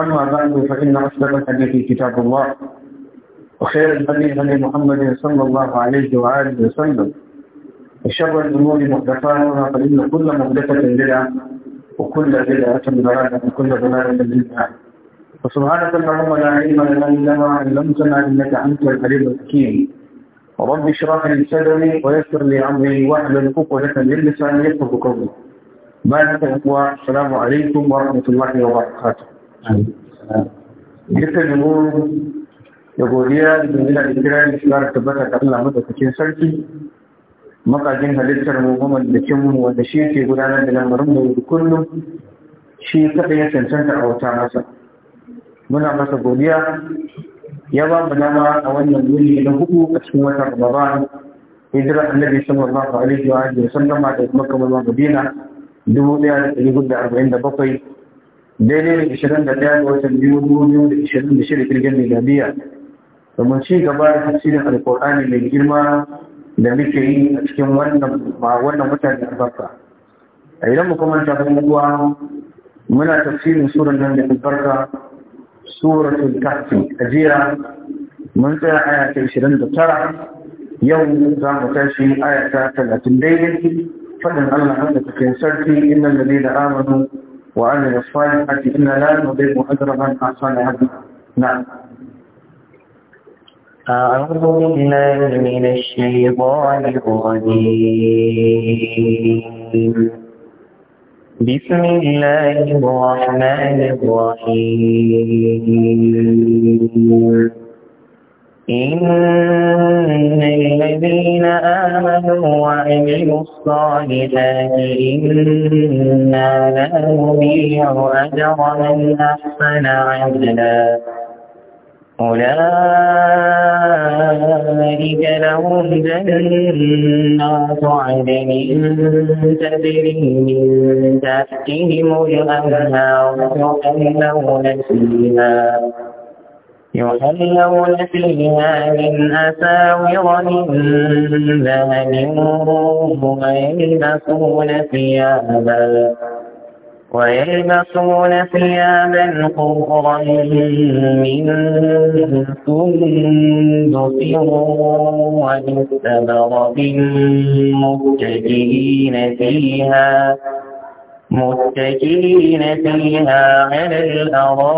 أما بعد فإن أصدق الحديث كتاب الله وخير الهدي هدي محمد صلى الله عليه وآله وسلم وشر الأمور محدثاتها فإن كل محدثة بدعة وكل بدعة ضلالة وكل ضلالة بدعة فسبحانك اللهم لا علم لنا إلا ما علمتنا إنك أنت العليم الحكيم رب اشرح لي صدري ويسر لي أمري واحلل عقدة من لساني يفقه قولي بارك الله السلام عليكم ورحمة الله وبركاته dukkan mu da godiya da jami'a da kira da shi tabbata da Allah madaukakin sarki makajin halittar mu kuma da mu wanda shi ke gudanar da lamarin mu da kullum shi kada ya cancanta a wata masa muna masa godiya ya ba mu dama a wannan wuni na hudu a cikin watan Ramadan hijira annabi sallallahu alaihi wa alihi wa sallam da kuma kamar Madina 1447 daidai da 21 ga watan biyu biyu da 26 kirgin miladiya domin ci da tafsirin alkur'ani mai girma da muke yi a cikin wannan mutane wannan mutane a idan mu kuma ta uwa muna tafsirin suran nan da albarka suratul kahfi a jiya mun tsaya aya ta 29 yau za mu tashi aya ta 30 daidai fadin Allah da cikin sarki innal da amanu وعن الصالحة إن لا نضيع أجر من أحسن عملا نعم أعوذ بالله من الشيطان الرجيم بسم الله الرحمن الرحيم إن الذين آمنوا وعملوا الصالحات إنا لا نضيع أجر من أحسن عملا أولئك لهم جنات عدن تجري من تحتهم الأنهار يحلون فيها يحلون فيها من أساور من ذهب ويلبسون ثيابا ويلبسون ثيابا خضرا من سندس واستبرق متكئين فيها متكين فيها على الأرائك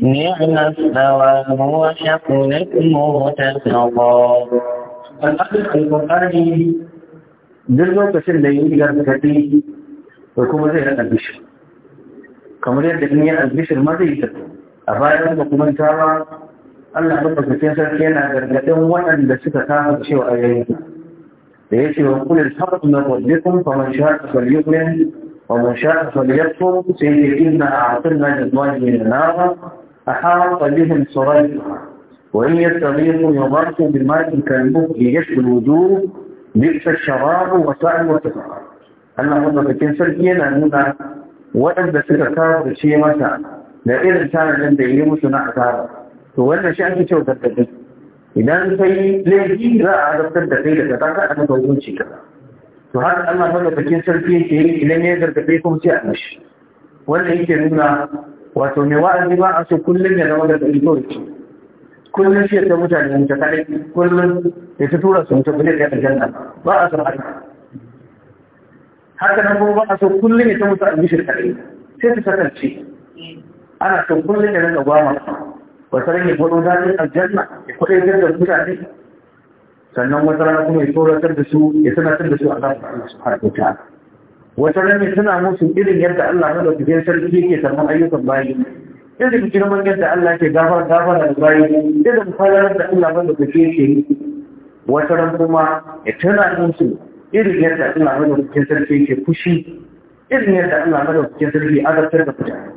نعم الثواب وحقنت مرتفقا duk lokacin da yi ko kuma zai bishir kamar yadda in yi albishir ma zai a bayan da kuma tawa Allah sarki yana gargadin waɗanda suka kama cewa a yayin لكن يقول الحق من ربكم فمن شاء فليؤمن ومن شاء فليكفر سيدنا اعطنا جزوان من النار احاط بهم سرايا وان يستغيثوا يضرحوا بماء كالمهر ليشفي الوجود بئس الشراب وسائل وتفاعل أنا أقول لك كيف سجينا أننا وأن بسكتار شيء ما سعر لأن الإنسان عند يوم سنع سعر وأن شأنك شو idan yi laifi za a azabtar da kai da kaza ka aka hukunci ka to har Allah ba da bakin sarki yake yi idan ya gargaɗe kuma sai a mishi wannan yake nuna wato mai wa'azi ba a so kullum ya zama da ɗari kawai kullum shi ta mutane mun ta kullum ya ta tura su mun ta bude da aljanna ba a so haka haka nan kuma ba a so kullum ya ta mutu a mishi sai ta sakarci ana so kullum ya rinka gwamnati wata rage kwano daɗin aljanna ya kwaɗaitar da mutane sannan wata rana kuma ya tsoratar da su ya sanatar da su a zafin Allah su haɗe ta wata rana suna musu irin yadda Allah na ɗauki biyar sarki yake sannan ayyukan bayi Irin girman yadda Allah ke gafar gafara da bayi yadda ku da Allah na ɗauki biyar shi wata rana kuma ya tana musu irin yadda Allah na ɗauki sarki yake fushi irin yadda Allah na ɗauki sarki azabtar da mutane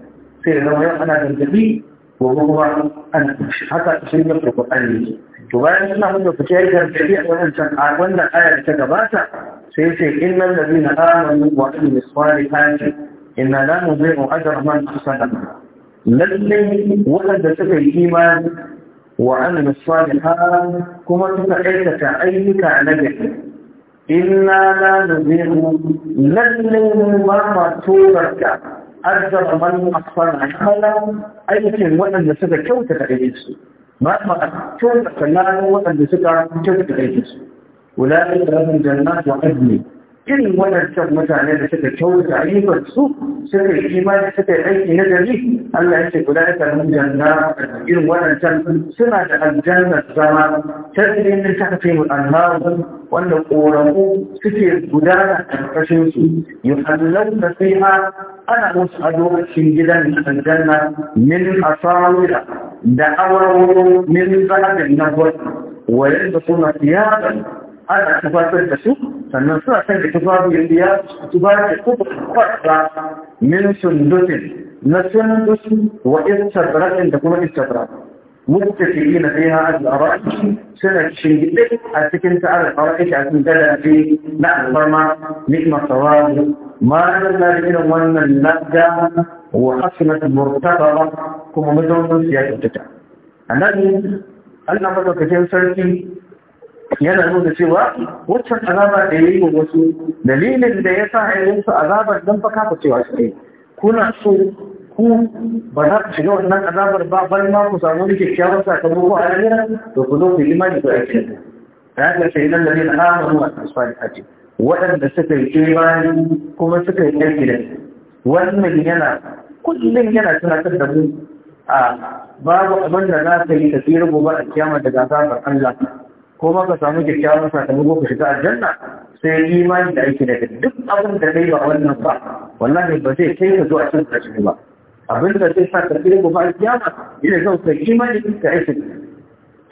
sai da zama yau ana gargaɗi gobe kuma an haka sun yi da Qur'ani ne to bayan suna nuna fitar gargadi a wancan a wannan aya ta gabata sai ce innal ladina amanu wa amilu salihati inna la nudhi'u ajra man ahsana lalle waɗanda suka yi imani wa amilu salihati kuma suka aikata ayyuka na gari inna la nudhi'u lalle ma ma turarka arzara man akfana kalam aikin waɗanda suka kyauta da ɗaya su ba a kyauta kalamun waɗanda suka kyauta da ɗaya su wulaɗin da rabin jannatu a ajiye irin wadancan mutane da suka kyauta ayyukan su suka yi imani suka yi aiki na gari Allah ya ce guda ya kalmi janna irin wadancan suna da aljanna zama ta da ta fi mu wanda ƙoramu suke gudana a ƙarƙashin su yuhallau da sai ma ana musu ado a cikin gidan aljanna min asawira da awaro min zaɓin na gwada wa yadda suna tiyarar ana tufatar da su sannan suna kan da tufafin biya tufafin da kuma kwarta min sundusin na sundus wa istabrakin da kuma فيها على الأرائك سنة شنجلك أتكنت على الأرائك أتنزل في نعظم نعمة صواب ما نزل إلى من اللجة وحسنة كما مدون سياسة التجاه الذي أنا مدى كثير سرسي yana nuna cewa waccan azaba da ya yi wa wasu dalilin da ya sa ainihin su azabar don faka ku cewa su ne kuna so ku ba za ku shiga wannan azabar ba bal ma ku samu kyakkyawar sakamako a lahira to ku zo ku yi imani ku aiki da haka sai nan da ne na amuru a waɗanda suka yi imani kuma suka yi aiki da wannan yana kullum yana tunatar da mu a babu abin da za ka yi tafiyar gobe a kiyama daga azabar Allah ko ma ka samu kyakkyawan sakamako ka shiga aljanna sai imani da aiki daga duk abin da dai ba wannan ba wallahi ba zai kai ka zuwa cin kashi ba abin da zai sa ka fi ya ba. ina zan ka imani ka aiki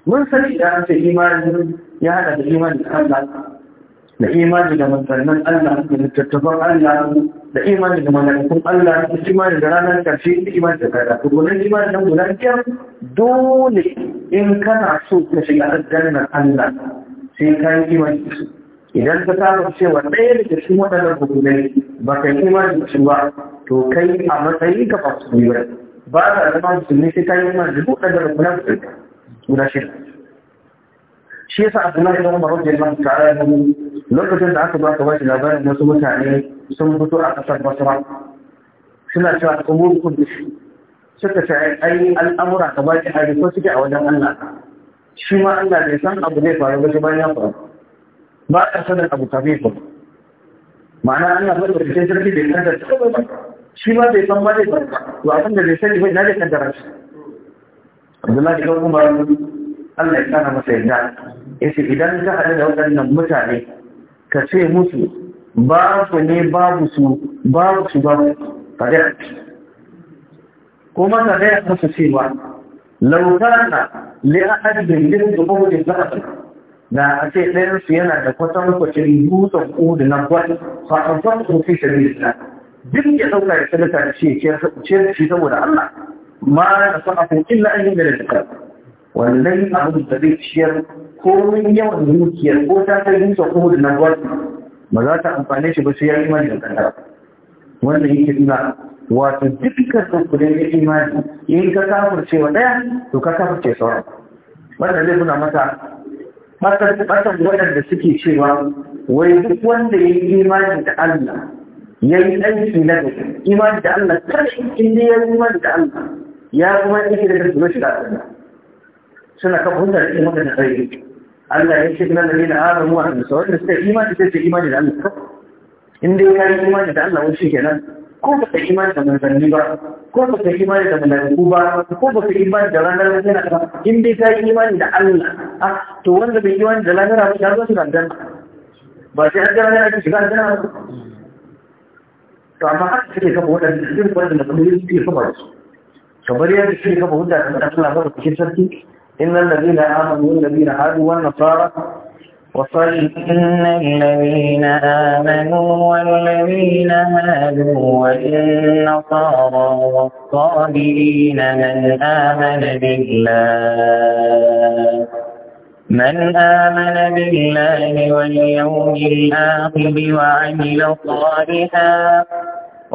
mun sani da an ce imani ya hada da imani da Allah da imani da manzannin Allah da littattafan Allah da imani da mala'ikun Allah da imani da ranar ƙarshe da imani da kada to wannan imani nan guda biyar dole in kana so ka shiga aljannar Allah sai ka yi imani su idan ka samu cewa ɗaya da cikin waɗannan hukumai ba ka yi imani da su ba to kai a matsayin ka ba su ba ba da zama musulmi sai ka yi imani da duk waɗannan hukumai guda shida shi yasa Abdullahi ibn Umar radiyallahu ta'ala anhu lokacin da aka baka bashi labarin wasu mutane sun fito a ƙasar basra suna cewa umur kudus suka ce ai al'amura ka baki a ko suke a wajen Allah shi ma Allah bai san abu zai faru ba shi bayan ya faru ba a sanin abu kafin ba ma'ana Allah ba da cikin sarki bai san da ba shi ma bai san ba zai faru ba to abin da bai sani bai na da kaddara shi Abdullahi ibn Umar Allah ya kana masa yadda ya ce idan ka hada da waɗannan mutane ka ce musu ba su ne babu su ba su ba ka ga kuma ka ga musu cewa law kana li ahadin min da zakat da a ce ɗayansu su yana da kwatan kwacin dutsen kudu na gwal fa'an fa'an fi shari'a duk ya sauka ya sadaka da ce ce shi saboda Allah ma na sa'afin illa an yi da da wannan abin da zai ciyar komin yawan dukiyar ko ta kai dukiyar ko da nan ba za ta amfane shi ba sai ya yi mani da kanta wannan yake nuna wato dukkan kukurin da imani in ka kafurce cewa ɗaya to ka kafurce sauran wannan zai nuna mata matan waɗanda suke cewa wai duk wanda ya yi imani da Allah ya yi aiki na da imani da Allah karshen inda ya yi imani da Allah ya kuma aiki da da su shiga Allah suna kafa hujjar da imani da tsaye Allah ya shiga da zai da aron wa da sauran wanda suka imani sai su imani da Allah in dai ka yi imani da Allah wani kenan ko ba ka imani da manzanni ba ko ba ka imani da malaiku ba ko ba ka imani da ranar lahira ba in dai ka yi imani da Allah ah, to wanda bai imani da lahira ba ya zo shi gangan ba sai an gara ne ake shiga aljanna ba to amma haka suke kafa waɗanda suke kafa waɗanda kamar yadda suke kafa su kamar yadda suke kafa waɗanda kamar Allah ba da cikin sarki إن الذين آمنوا والذين هادوا والنصارى إن الذين آمنوا والذين هادوا والنصارى والصابرين من آمن بالله من آمن بالله واليوم الآخر وعمل صالحا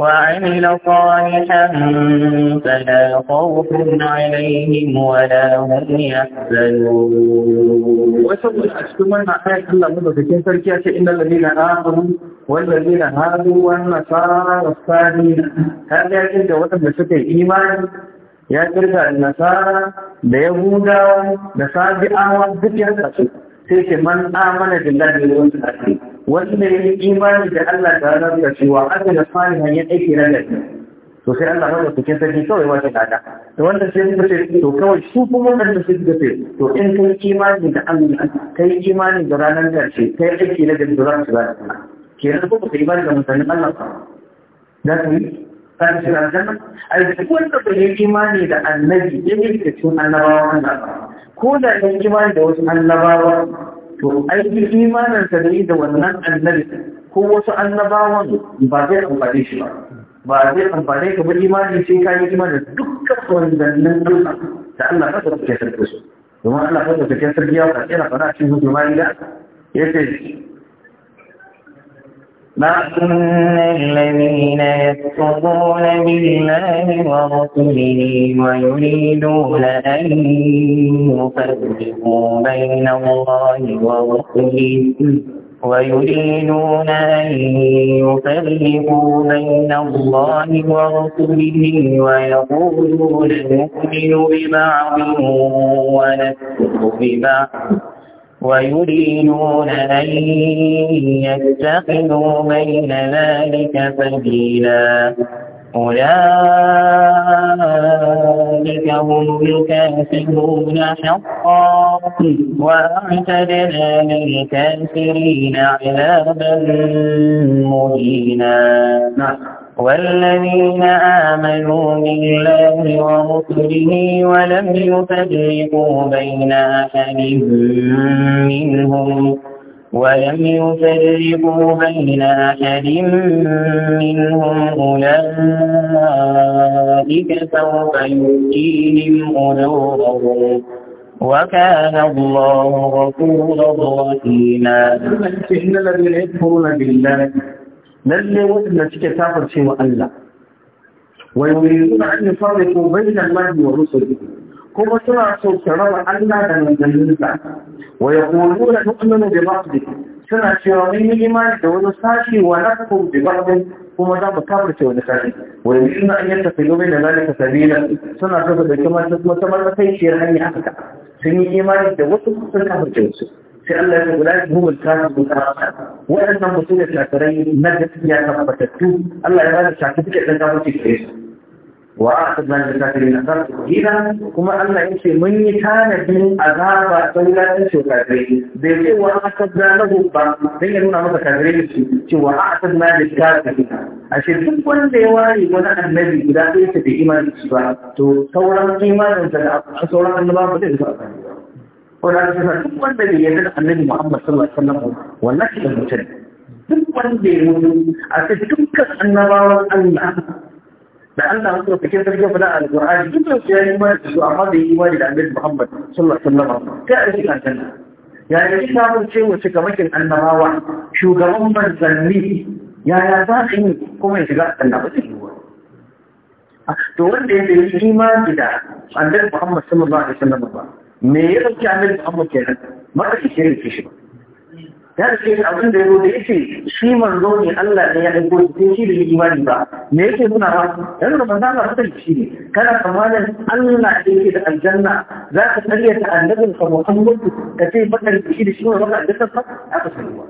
وعمل صالحا فلا خوف عليهم ولا هم يحزنون kuma na ayat Allah mun bakin sarki ya ce innal ladina amanu wal ladina hadu wan nasara wasani har da yake da wata suke imani ya kirga al nasara da yahuda da sabi'a wa duk ya tsaci sai ke man amana billahi wa rasulihi wanda ya yi imani da Allah ta ranar da cewa aka da salihan ya aiki na gari to sai Allah wanda cikin sarki kawai wata gada to wanda sai suka ce to kawai su kuma da su suka ce to in kai imani da Allah kai imani da ranar da karshe kai aiki na gari da za su ba da kenan ko ka imani da mutanen Allah ba za ka yi kan shi aljanna ai duk wanda bai yi imani da annabi ya yi cikin annabawa Allah ko da ya yi imani da wasu annabawa to aiki imanin ka da da wannan annabi ko wasu annabawan ba zai amfane shi ba ba zai amfane ka ba imani sai ka yi imanin dukkan wannan Allah da Allah ka sarki sarki su domin Allah ka sarki sarki ya ka tsira fara cikin hukuma ila yace مَعَنَّ الَّذِينَ يَكْفُرُونَ بِاللَّهِ وَرُسُلِهِ وَيُرِيدُونَ أَن يُفَرِّقُوا بَيْنَ اللَّهِ وَرُسُلِهِ ويريدون أن يفرقوا بين الله ورسله ويقولون نؤمن ببعض ونكفر ببعض ويريدون أن يتخذوا بين ذلك سبيلا أولئك هم الكافرون حقا وأعتدنا للكافرين عذابا مهينا والذين آمنوا بالله ورسله ولم يفرقوا بين أحد منهم ولم يفرقوا بين أحد منهم أولئك سوف يؤتيهم أجورهم وكان الله غفورا رحيما إن الذين يكفرون بالله lalle waɗanda suke tafarce wa Allah wa suna an yufarriqu bayna Allah wa rusulihi kuma suna so su raba Allah da manzanninsa wa yaquluna nu'minu da ba'd suna cewa mun yi imani da wani sashi wa nakfur bi ba'd kuma za mu tafarce wani sashi wa yuriduna an da bayna zalika sabila suna so da dauki wata matsakaiciyar hanya haka sun yi imani da wasu sun kafirce wasu sai Allah ya guda shi humul kafirun kafa waɗannan mutum da shafirai na gaskiya tabbatattu Allah ya ba da certificate ɗin kafirci gare su wa aqadna lil kafirin azab gida. kuma Allah yace mun yi tanadin azaba sai la ta shokare bai ce wa aqadna lahu ba dan ya nuna masa kafirin shi ce wa aqadna lil kafirin ashe duk wanda ya ware wani annabi guda ɗaya ta bi imanin shi ba to sauran imanin da sauran annabawa ba zai zuwa Wadda ta duk wanda bai yarda da annabi Muhammad sallallahu alaihi wasallam wallahi da mutum duk wanda ya mutu a ce dukkan annabawan Allah da Allah wasu rufake sarki fada a Al-Qur'ani duk da su ya yi mai su amma da yi mai da annabi Muhammad sallallahu alaihi wasallam ta a cikin aljanna ya yi samun cewa cikamakin annabawa shugaban manzanni yaya za a yi kuma ya shiga aljanna ba zai yiwu ah, to wanda ya yi imani da annabi Muhammad sallallahu alaihi wasallam ba me ya ɗauki annabi ke kenan maka shi ke rike shi ba ya ce abin da ya zo ya ce shi manzo ne Allah ne ya aiko shi sai shi da yi imani ba me ce nuna ba yanzu da manzo Allah mutunci shi ne kana tsammanin Allah da ke da aljanna za ka ta annabin ka Muhammad ka ce bakar shi da shi ne baka aljanna ba aka sani ba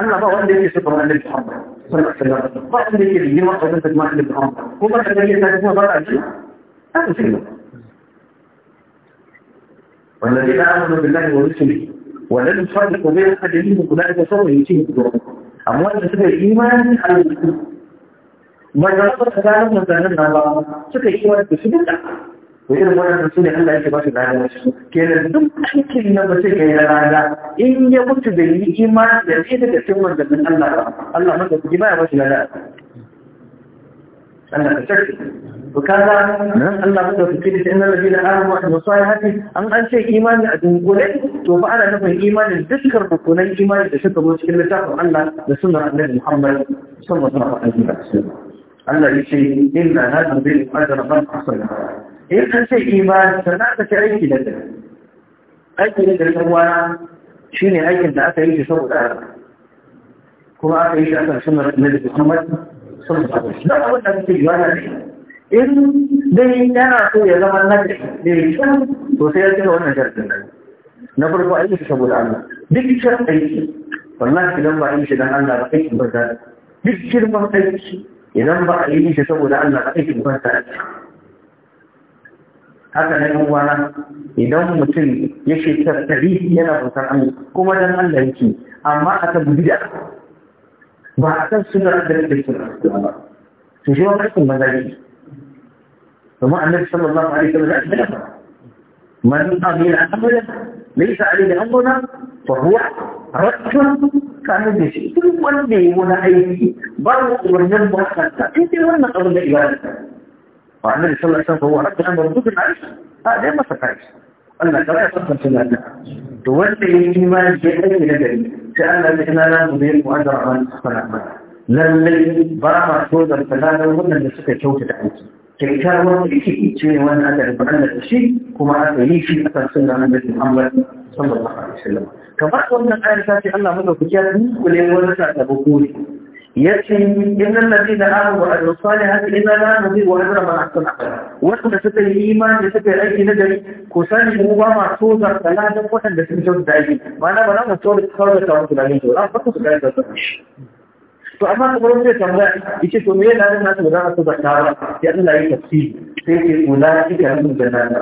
Allah ba wanda yake sufa annabi Muhammad sallallahu alaihi wasallam ba wanda yake da girma a wajen annabi Muhammad kuma ka karyata shi ba ka aljanna aka sani ba والذين آمنوا بالله ورسله ولم يصادقوا به أحد منهم أولئك سوف يؤتيهم أجورهم amma da suka yi imanin halittu ba za su ta gano mutanen na suka yi imanin da su duka da irin wannan su ne Allah yake ba su gano su kenan duk aikin na ba sai kai rana in ya mutu da yi imanin da sai daga cikin wannan Allah ba Allah maka ji ba ba shi lada أنا أشكت وكان الله قد تكيد إن الذين آمنوا عن وصاياتي أن أنشي إيمان أدنقلي وفعلا نفهم إيمان الذكر بكون إيمان تشكر مشكلة تقوى الله لسنة النبي محمد صلى الله عليه وسلم الله يشي إن هذا بالقدر قد حصل إن أنشي إيمان سنعتك أي كده أي كده سوانا شيني أي كده أتى يجي صوت آخر كما أتى يجي أتى سنة النبي محمد sun faɗo shi na abin da suke yi wani in dai yana so ya zama na da shan to sai ya cika wannan sharɗin na farko aiki saboda Allah duk shan aiki wallahi idan ba a yi aiki dan Allah ba aiki ba da duk shirman aiki idan ba a yi shi saboda Allah ba aiki ba da haka na yan uwana idan mutum ya shekar ɗari yana bautar Allah kuma dan Allah yake amma a ta tabbida ba a kan suna da nake suna ba to shi wani aikin maza ne kuma annabi sallallahu alaihi wasallam ya ce ba man amila amala laysa alaihi amruna fa huwa raddun kan da shi duk wanda yi wani aiki ba mu wannan ba kanta in dai wannan abin da ibada ba annabi sallallahu alaihi wasallam fa huwa raddun amrun duk da shi dai masa kai Allah ta ka tabbata lafiya Da wanda ya yi ma ya kai da gari sai ana ya kana na mu bai mu azar an salama Lallai ba ma so da talalar wannan da suka kyauta da aiki kai ta wani yake ce wani adadin rubuta Allah da shi kuma aka yi shi a kan sunna Annabi Muhammad sallallahu alaihi wasallam kamar wannan ayar ta ce Allah madaukakin ku kule wani sakamako ne yace innal ladina amanu wa amilus salihati inna la nudhi'u ajra man ahsana amala wanda suka yi imani suka yi aiki na gari ko sani mu ba ma so da kaladan wanda sun tafi da aiki mana ba za mu so da kawai da wani tunani to Ba fata su ga da to amma kuma wanda ya tambaya yace to me yana da nasu da za su da ta ya Allah yi tafsiri sai ke ulai ka mun da nan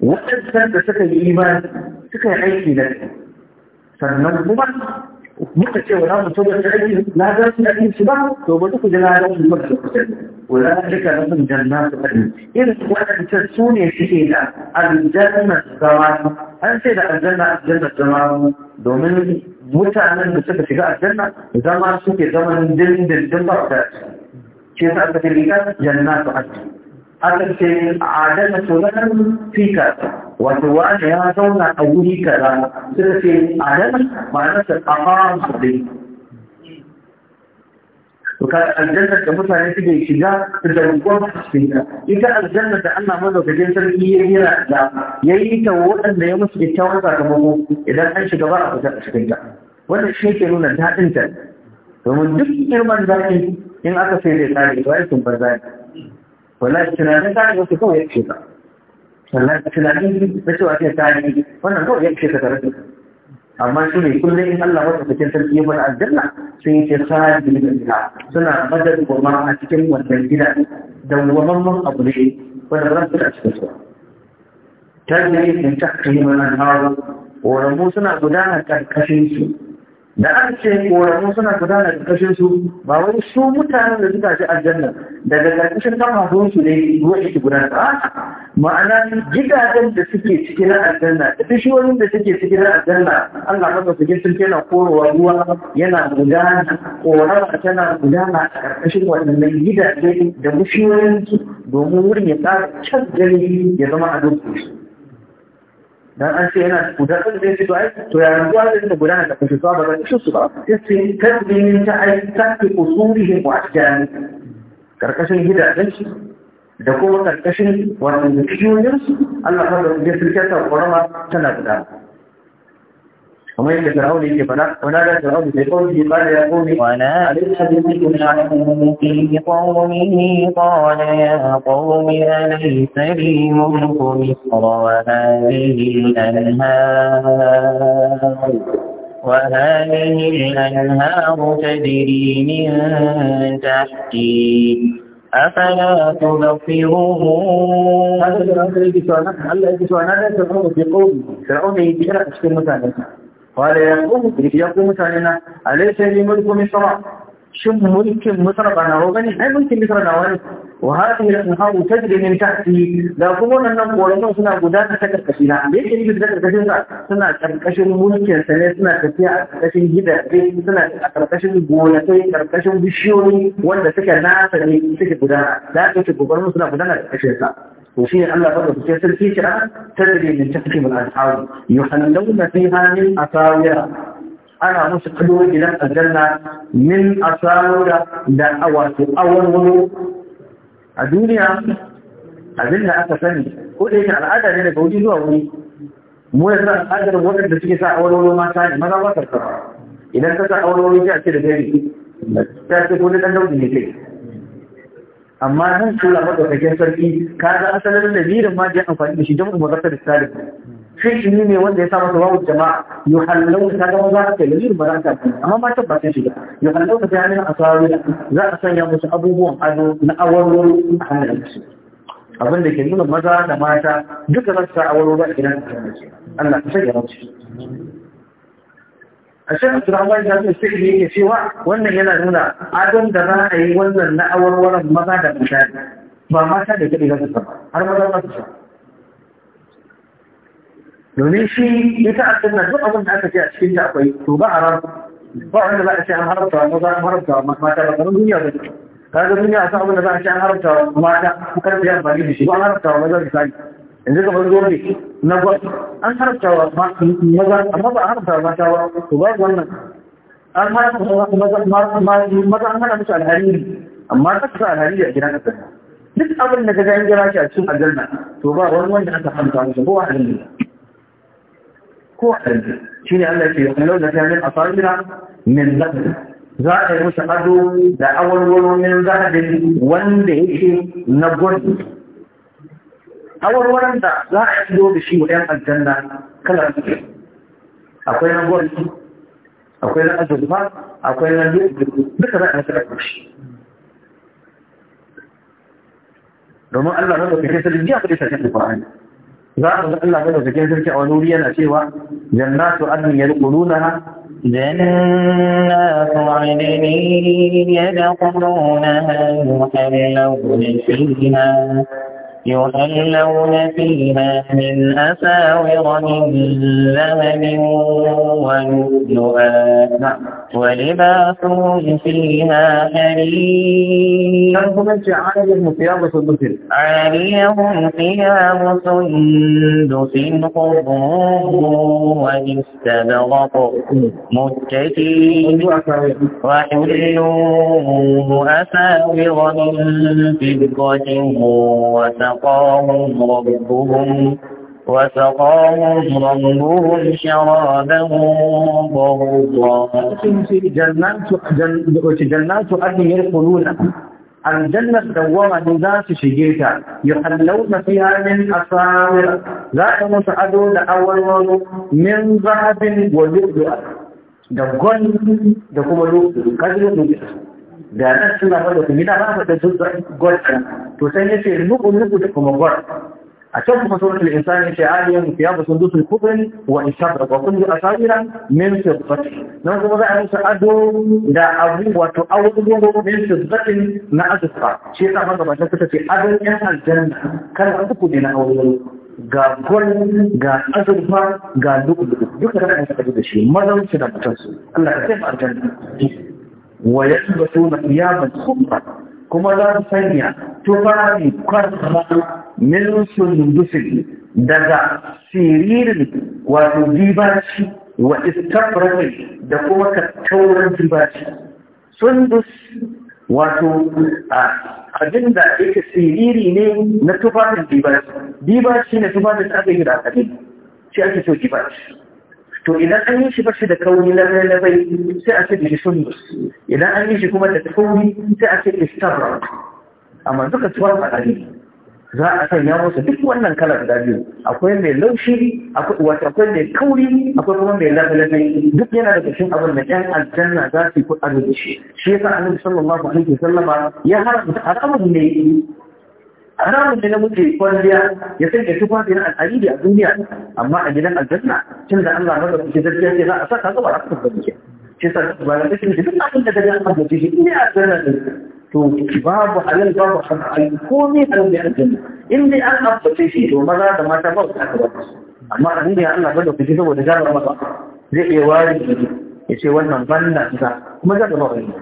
waɗansan da suka yi imani suka yi aiki nagari sannan kuma muka ce wa zamu so da aiki na ga su aiki su ba to ba duk da na ga su da wa la shaka lahum su adn irin wannan su ne suke da aljanna su, an ce da aljanna aljanna zaman domin mutanen da suka shiga aljanna zama suke zaman dindindin ba ta ce ta aka ce su adn aka ce a daga tsoron fika wato wani ya zauna a wuri kaza suka ce a daga ma'anasar a fara musulmi ka aljanna da mutane su ke shiga su da rukun fasfina ita aljanna da Allah mazo ga sarki ya yi da ya yi ta waɗanda ya musu ita wata sakamako idan an shiga ba a fita a cikin ta shi ke nuna daɗin ta domin duk girman zaki in aka sai da tsari ba sun bar zaki wallahi tunanin ta ne kawai ya ce ka sannan tunanin da cewa ce ta ne wannan kawai ya ce ka tare amma su ne kullum in Allah wata cikin sarki ya fara aljanna sai ya ce sahabi da gida suna madar goma a cikin wannan gida da wamman abu ne wanda ba su da cikin su ta ne in ta kai mana hawo mu suna gudana karkashin su da an ce ƙoramu suna gudana da kashin su ba wani su mutanen da suka ji aljanna daga ƙarƙashin kafafun su ne ruwa ita gudana ba ma'ana gidajen da suke cikin aljanna da bishiyoyin da suke cikin aljanna Allah maka su sun yana korowa ruwa yana gudana ƙorama tana gudana a ƙarƙashin waɗannan gidaje da bishiyoyin su domin wurin ya tsara can gari ya zama a dukkan su dan an ce yana guda sun zai fito ai to ya ruwa da ta gudana da kashe ba ba shi su ba yace kadin ta ai ta ki usulihim wa ajjan karkashin gidajen shi da kuma karkashin wannan kiyoyin su Allah ba da gaskiya ta korama tana dama ومن فرعون ونادى فرعون في قومه قال يا قوم أليس بكم عليكم في قومه قال يا قوم أليس لي ملك مصر وهذه الأنهار وهذه الأنهار تجري من تحتي أفلا تبصرون هذا فرعون يجي فلا في قومه فرعون في المثال wala ya kuma ya kuma mutane na alaysa li mulku misra shin mulkin misra ba nawa bane ai mulkin misra nawa ne wa hadhihi al-anharu tajri min tahti da kuma wannan koramin suna gudana ta karkashi na da yake nufi da karkashin sa suna karkashin mulkin sa ne suna tafiya a karkashin gidaje suna a karkashin gonakai karkashin bishiyoyi wanda suke nasa ne suke gudana da ce suna sa وفي الله فضل في تلك تدري من تقريب الأسحاب يحلون فيها من أساور أنا مسقلون إلى الجنة من أساور دعوة أول ولو الدنيا abin da aka sani ko da yake al'ada ne daga wuri zuwa wuri mu yanzu al'adar waɗanda suke sa awarwaro mata ne maza ba ta idan ka sa awarwaro sai ce da gari ta ce ko ɗan dauki amma nan tura madaukakin sarki ka sanar da zirin ma jiya amfani da shi jam'u muzakkar salim sai shi ne wanda ya samu masa wawu jama'a yuhallau ta ga maza ta lamirin ba za ta amma ma tabbata shi yuhallau ta ga nan da za a sanya musu abubuwan ado na awarwar a hannun su abin da ke nuna maza da mata duka za su sa awarwaro a gidan Allah ka sanya musu a shan abdurrahman da su sai ne cewa wannan yana nuna adon da za a yi wannan na awarwaran maza da mata ba mata da kaɗai za ba har maza za su sha domin shi ita a sunna duk abin da aka ce a cikin da akwai to ba haram ba wanda za a ce an harabta wa maza an haramta wa mata ba kamar duniya ba kaga duniya a san abin da za a ce an harabta wa mata kuma kan da amfani da shi ba an harabta wa maza misali yanzu kamar zobe na gwa an haramta wa maza amma ba a harcawa wa mata ba to ba wannan an haramta wa maza an hana musu alhariri amma ta sa alhariri a gidan ƙasar duk abin da ka gani an shi a cikin aljanna to ba wani wanda aka hanta musu ko a aljanna ko a shi shine Allah ke yi launa ta min asarina min zabi za a yi musu ado da awon wani zahabi wanda yake na gwani awarwaran da za a shigo da shi wajen aljanna kala akwai na gwal akwai na azurfa akwai na duka za a yi sarrafa shi domin Allah na daukakin sarki ya fi sarki da fara ne za a zafi Allah na daukakin sarki a wani wuri yana cewa jannatu adnin yadkhulunaha جنات عدن يدخلونها يحلون فيها يحلون فيها من أساور من ذهب ونؤلؤا ولباسهم فيها حرير عاليهم ثياب سندس خضر واستبرق متكئين وحلوا أساور من فضة وسواء وسقاهم ربهم وسقاهم ربهم شرابا طهورا جنات أهل يدخلون الجنة دوما ذات شجيتا يحلون فيها من أساور ذات مسعدو لأول من ذهب ولؤلؤ دقون دقون ولؤلؤ قد يؤلؤ da nan suna ba da kuma ba ba da dukkan god to sai yace nuku nuku da kuma gwar a can kuma suratul insani yace aliyan ba sun sundusul kubr wa kun wa a asaira min sirfati nan kuma za a musu ado da abu wato abubuwan min sirfatin na azuka shi yasa haka ba ta kuta ce adon yan aljanna kan uku ne na aure ga gwal, ga azurfa ga duk duka da aka da shi mazan su da mutansu Allah ka sai aljanna wa yasbatuna thiyaban khubba kuma za su sanya tufafi kwarfa min sundusin daga siririn wato jibaci wa istabrafi da kuma kattauran jibaci sundus wato a abin da ake siriri ne na tufafin jibaci jibaci ne tufafin da aka yi da aka shi ake so jibaci to idan an yi shi bashi da kauri na lalabai sai a sake sundus idan an yi shi kuma da kauri sai a sake starra amma duka tuwar faɗari za a sanya musu duk wannan kalar da biyu akwai mai laushi akwai wata akwai mai kauri akwai kuma mai lalabai duk yana da cikin abin da ƴan aljanna za su yi kuɗa da shi shi yasa annabi sallallahu alaihi wasallama ya haramta haramun ne haramun ne na namiji kwalliya ya sanya tufafi na al'adidi a duniya amma a gidan aljanna tun da Allah maka kuke zargiya ce za a saka zuwa a cikin bakin shi sa ba da kashin duk abin da ka ga Allah ji ne a aljanna ne to babu halal babu ko komai a da aljanna in dai an abbace shi to maza da mata ba su aka ba amma a duniya Allah maka kuke saboda jarabar masa zai iya wari ya ce wannan banna ta kuma za ka ba wani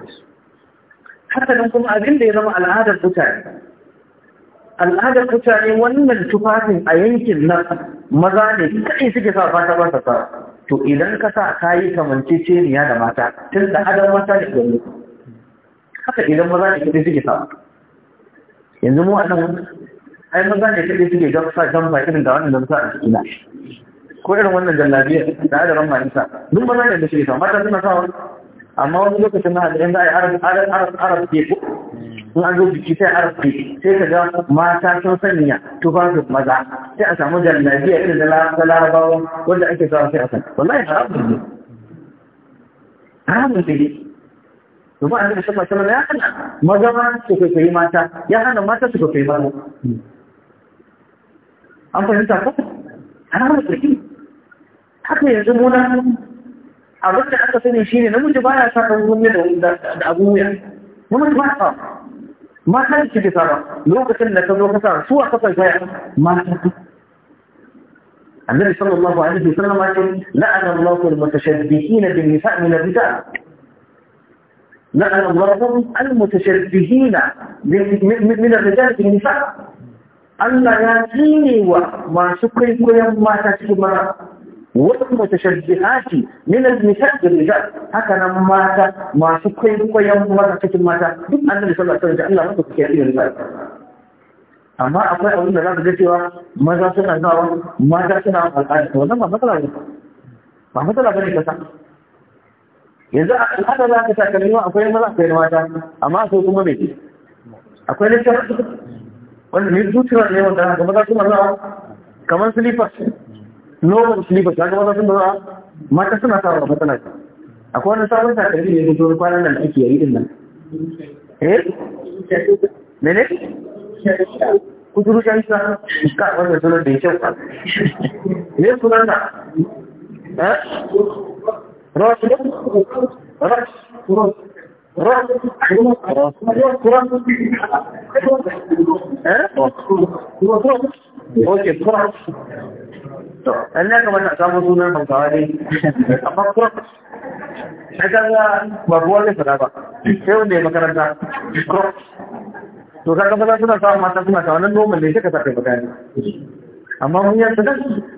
haka nan kuma abin da ya zama al'adar mutane al'adar mutane wannan tufafin a yankin nan maza ne kai suke sa fata ba sa to idan ka sa kayi ya da mata tun da adam mata ne gani haka idan maza ne kai suke sa yanzu mu anan ai maza ne kai suke dan ba irin da wannan sa a cikin ko irin wannan jallabiya da adaran sa, duk maza ne da suke sa mata suna sa amma wani lokacin na hadirin za a yi arab teku in an zo biki sai arab teku sai ka ga mata sun sanya su maza sai a samu jallabiya irin da larabawa wanda ake zuwa sai a san wallahi haramun ne haramun ne domin a zai sama sama ya hana maza ma su kwaikwayi mata ya hana mata su kwaikwayi maza an fahimta ko haramun ne haka yanzu muna abin da aka sani shine namiji baya sa kan gumme da da abu wuya namiji ba sa mata ce ke sa lokacin da ka zo ka sa su aka sa shaya mata النبي صلى الله عليه وسلم قال لعن الله المتشبهين بالنساء من الرجال لعن الله المتشبهين من الرجال بالنساء Allah ya tsine wa masu kwaikwayon mata cikin mara والمتشبهات من النساء بالرجال هكذا مات ما سكين كيوم ما سكين مات دم أن النساء صلى الله عليه وسلم ربك كثير النساء أما أقول ka لك ذاتي maza suna نار ماذا سنة الآن ولما Wannan ba matsala bane ka sa yanzu al'ada za ka sa kalmiwa akwai maza akwai mata amma akwai kuma mai akwai littar wanda ne zuciyar ne wanda haka maza kuma zawa kamar slippers normal slippers ya gaba sun ba mata suna sa wa matsala ce akwai wani sabon takalmi ne da zuwa kwanan nan ake yi din nan eh ne ne kuturu shan sa ka wannan sunan da ya kyau eh? ne sunan da eh rush rush rush Okay, to an ya kamata a samu sunan hausawa ne amma kuma na kaga ba buwa zai fada ba sai wanda ya makaranta to kaga maza suna sawa mata suna sawa nan noman ne sai ka sa kai bakani amma mun ya tsada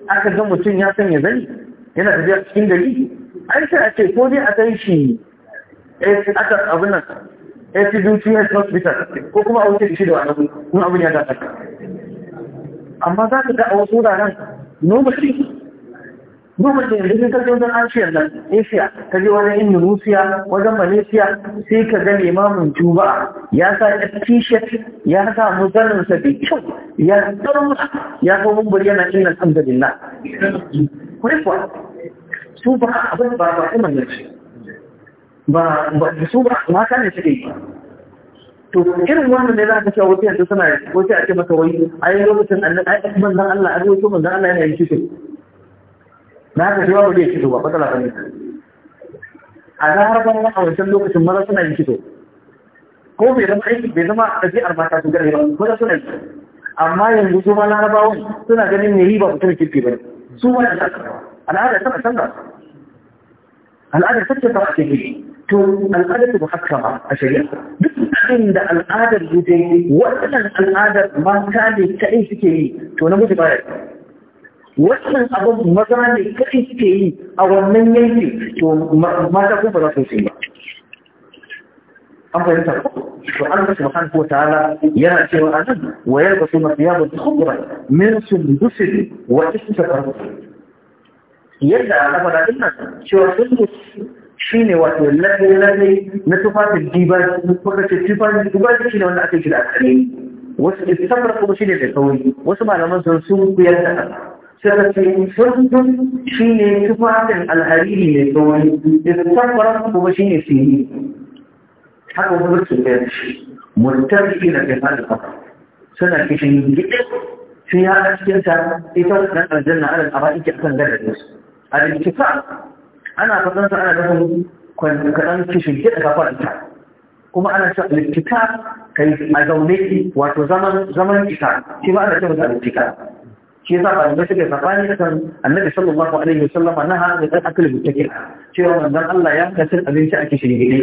aka ga mutum ya sanya zani yana tafiya cikin gari ai sai a ce ko dai a kai shi eh, aka abin nan ACDCS eh, hospital ko kuma a wuce shi da wani abin ya dace amma za ka ga a wasu wuraren nobody nobody yanzu sai kaje wajen Asia nan Asia je wajen Indonesia wajen Malaysia sai ka ga limamin Juba ya sa t-shirt ya sa muzanin sa da kyau ya tsaro ya ga mumbur yana cin alhamdulillah kuma kuwa su ba abin ba ba kuma ne ba ba su ba mata ne suke yi to irin wannan ne za ka cewa wasu yanzu suna wasu a ce maka wai ai lokacin annabi ai manzon Allah ai wato manzon Allah yana yin kitso na ka cewa bai kitso ba fatala bane a zahar ban a wancan lokacin maza suna yin kitso ko bai zama aiki bai zama a ɗabi'ar mata su gare ba maza suna yin amma yanzu su ma larabawan suna ganin ne riba mutum kirki ba su ma da al'ada tana canza al'ada take ta ake gidi to al'adar ta muhakkama a shari'a duk abin da al'adar guje wannan al'adar mata ne kaɗai suke yi to na miji baya wannan abin maza ne kaɗai suke yi a wannan yanki to mata kuma za su yi ba an fahimta to Allah subhanahu wa ta'ala yana cewa anan wa yalbasu mathiyaban khudra min sundusin wa istafar yadda Allah faɗa dinnan cewa sundus shi ne wato lalle-lalle na tufafin diba kuka ce tufafin shi ne wanda aka shi da akare wasu istabar kuma shi ne da sauri wasu malaman sun sun kuyar da ƙasa sai sun shi ne tufafin alhariri mai sauri istabar kuma shi ne siri haka kuma su kuyar shi mutar shi na kai suna kishin gida sun yi haɗa ta ita wannan aljanna a kan akan gadar su a rikifa ana faɗin sa ana nufin kaɗan kishin gida ka faranta kuma ana cewa littika kai a zaune wato zaman zaman ita shi ma ana cewa littika shi yasa ba da suke safani kan annabi sallallahu alaihi wasallam na ha da akal mutake cewa wannan Allah ya kasar abinci a kishin gida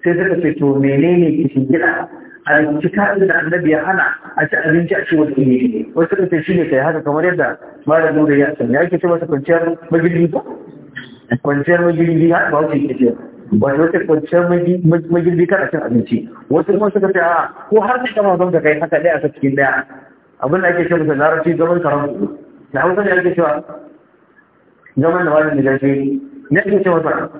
sai suka ce to menene kishin gida a littika da annabi ya hana a ci abinci a cikin wani ne wasu suka ce shi ne kai haka kamar yadda malamin da ya san ya ke ce masa kwanciyar ba. kwanciyar magirbi har ba wuce ita wani wata kwanciyar magirbi kan a cin abinci wasu kuma suka ce a ko har ka kama zan ka kai haka ɗaya a cikin ɗaya abin da ake ce masa larabci zaman karan kuɗi da hausa ne ake cewa zaman da wani nigashi ne ake ce masa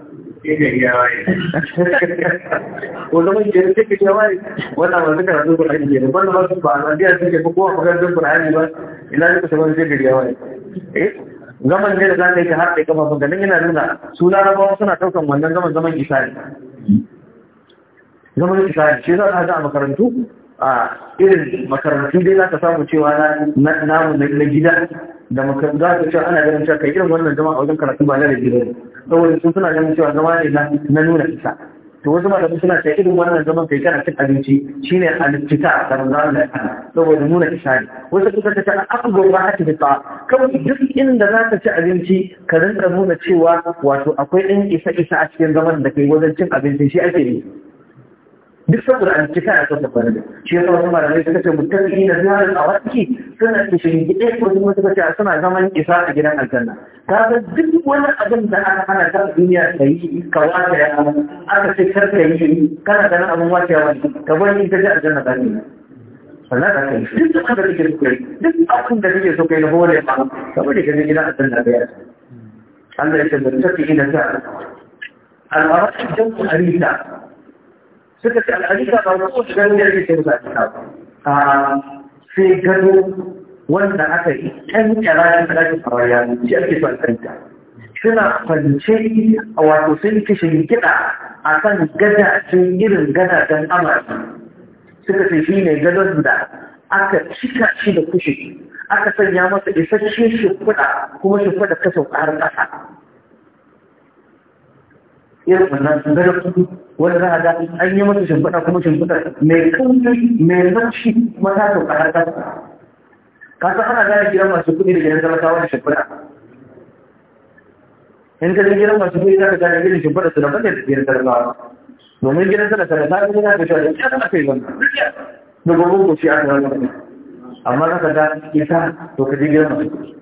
ko zaman ke ce ke ce wai wannan wanda ka rasu kuɗi ne da wannan ba su ba a biya ke ko kowa magana zan kuɗi ba ina ne ka saman ce gari ya wai eh? gaban ne da za ka yi ta harɗe kafafun ka ganin yana nuna su larabawa suna ɗaukar wannan gaban zaman isari zaman isari shi za ka ga a makarantu a irin makarantu dai za ka samu cewa namu na gida da za ka cewa ana ganin cewa kai irin wannan zama a wajen karatu ba na da gida saboda sun suna ganin cewa zama ne na nuna isa to wasu malamai suna ta irin wannan zaman kai kana cin abinci shine al-fita da manzon saboda nuna isari wasu suka ce an afgo ba hati ba kawai duk inda za ka ci abinci ka rinka nuna cewa wato akwai ɗan isa isa a cikin zaman da kai wajen cin abinci shi ake yi duk saboda an cika a kan sabbin da shi yasa wasu malamai suka ce mutum shi da ziyarar a wani suna kishin ɗaya ko kuma suka ce suna zaman isa a gidan aljanna ta ga duk wani abin da aka hana ta duniya ta yi ka wata ya aka ce kar ka yi shi kana ganin abin wata ya wani ka bari ta ji aljanna ta ne sannan ka kai duk abin da kake so kai duk abin da kake so kai na bole ba saboda ka je gidan aljanna ta yi Allah ya ce mutum shi da ziyarar al-mar'a jamu arita suka ce al'adika ba wasu shigar da yake da ta sai gado wanda aka yi ɗan kyara da ɗakin kawariya shi ake fantanta suna kwance a wato sun kishin kiɗa a kan gada sun irin gada don amurka suka ce shi ne gadon da aka cika shi da kushi, aka sanya masa isasshen shimfiɗa kuma shimfiɗa ta sauka har ƙasa irin wannan zarafin wanda za a ga an yi masa shimfiɗa kuma shimfiɗa mai kanki mai zarci kuma ta sauka har ƙasa ka san ana gane gidan masu kuɗi da gidan talakawa da shimfiɗa in ka gidan masu kuɗi za ka gane gidan shimfiɗa su da bane da gidan talakawa domin gidan talakawa ta gani na da shi a yanzu ana kai zama da gobe ko shi a amma za ka ga ita to ka je gidan masu kuɗi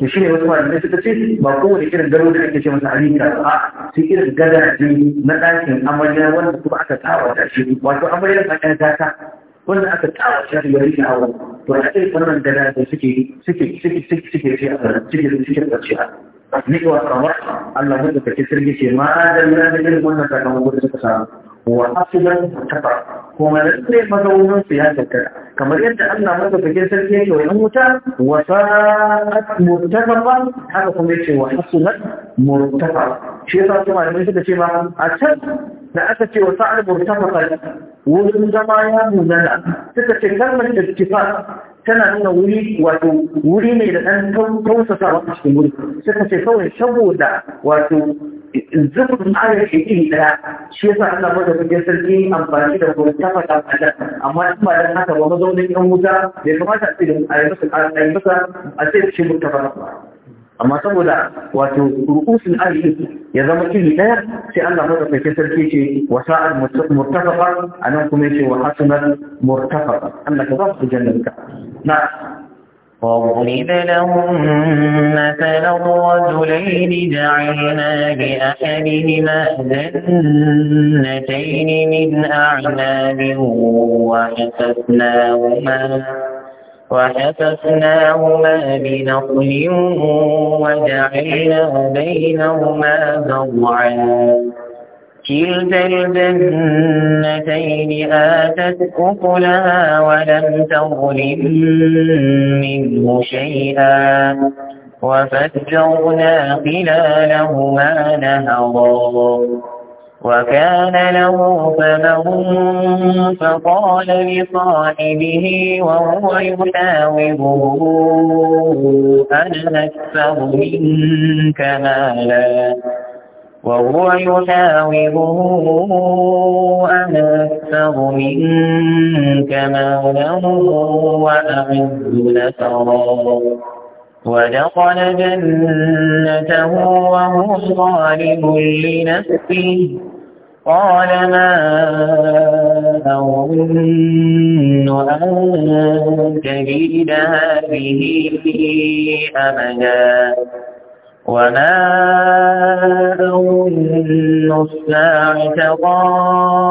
to shi ne wasu malamai suka ce ba kowane irin garo da ake ce masa alika ba sai irin gadaje na ɗakin amarya wanda kuma aka da shi wato amarya na ɗan gata wanda aka tsawata shi ya rike to a wannan gada da suke suke suke suke suke ce a suke suke suke kwanciya ni wa kamar Allah wanda kake sirri ce ma da irin wannan sakamakon da suka samu wa asilan mutaka kuma lalle mazaunin su ya tattara kamar yadda Allah maka fage sarki yake wa wuta wa sa'at murtafaqa haka kuma yace wa asilan murtafaqa shi yasa su malamai suka ce ba a can da aka ce wa sa'at murtafaqa wurin zama ya munana suka ce kalmar kifa tana nuna wuri wato wuri ne da ɗan tausasa a cikin wuri suka ce kawai saboda wato zubin ayar ke iri ɗaya shi yasa ana ba da kuke sarki amfani da kuma ta faɗa a amma in ba dan haka ba mazaunin yan wuta bai kamata a ce a yi masa a ce shi mutafara ba amma saboda wato rukusin arziki ya zama iri daya sai Allah madaukakin sarki ce wa sa'ad murtafaqa anan kuma yace wa hasanat murtafaqa Allah ka ba su jannata na واضرب لهم مثل الرجلين جعلنا لأحدهما جنتين من أعناب وحففناهما وحففناهما بنقل وجعلنا بينهما زرعا كلتا الجنتين آتت أكلها ولم تظلم منه شيئا وفجرنا خلالهما نهرا وكان له ثمن فقال لصاحبه وهو يحاوره أنا أكثر منك مالا وهو يحاوره أنا أكثر منك مالا وأعز نفرا ودخل جنته وهو ظالم لنفسه قال ما أظن أن تجد هذه أبدا وما أظن الساعة قائمة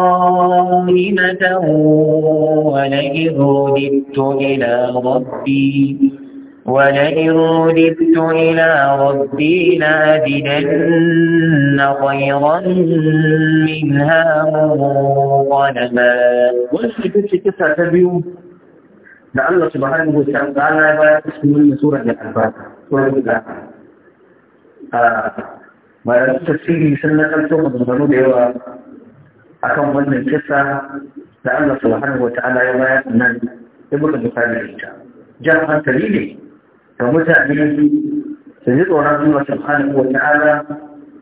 ولئن رددت إلى ربي ولئن رددت إلى ربي لأجدن خيرا منها منقلبا ولكن كنت تسعة تبيو لعل سبحانه وتعالى اسم سورة الأنفال سورة الأحباب. ما تفسير سنة التوبة بنو ديوا akan wannan kisa da Allah subhanahu wa ta'ala ya bayar nan ibnu bukhari ga mutane su ji tsoron Allah subhanahu wa ta'ala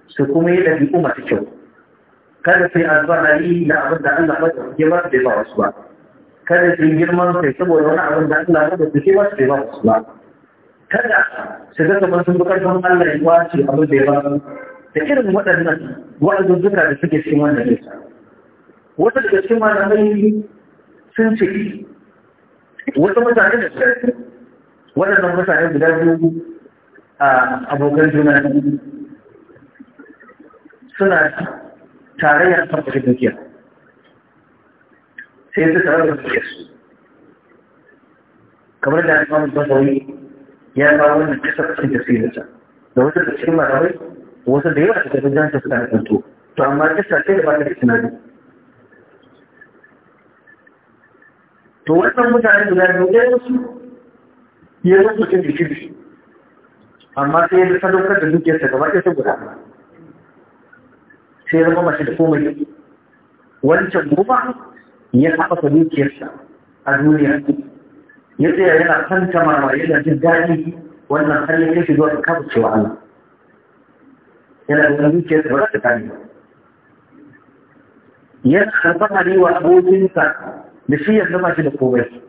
su kuma yi ɗabi'u masu kyau kada su yi alfahari da abin da Allah ba suke ba su ba wasu ba kada su yi girman sai saboda wani abin da Allah ba su ba su ba wasu ba kada su ga kamar sun bukar don Allah ya kwace abin da ya ba da irin waɗannan wa'azuzzuka da suke cikin wannan nisa wata daga cikin malamai sun ce wata mutane da suka waɗannan mutane guda biyu a abokan juna suna tarayyar tabbatar dukiya sai su tarar da dukiya su kamar da aka mamu basawai ya ba wani kasa cikin tasirinsa da wasu da cikin marawai wasu da yawa da janta suna da kanto to amma kasa sai da ba ta da sinadari to wannan mutane guda biyu ɗaya wasu ya zan mutum da shirshi amma sai ya sadaukar da dukiyarsa gaba ɗaya saboda sai ya zama mace da komai wancan goma ya haɓaka dukiyarsa a duniya ya tsaya yana kanta mama yana jin daɗi wannan har ya kai shigo a kafa cewa Allah yana da wani dukiyarsa ba ta kare ba yana alfahari wa abokinsa da shi ya zama shi da komai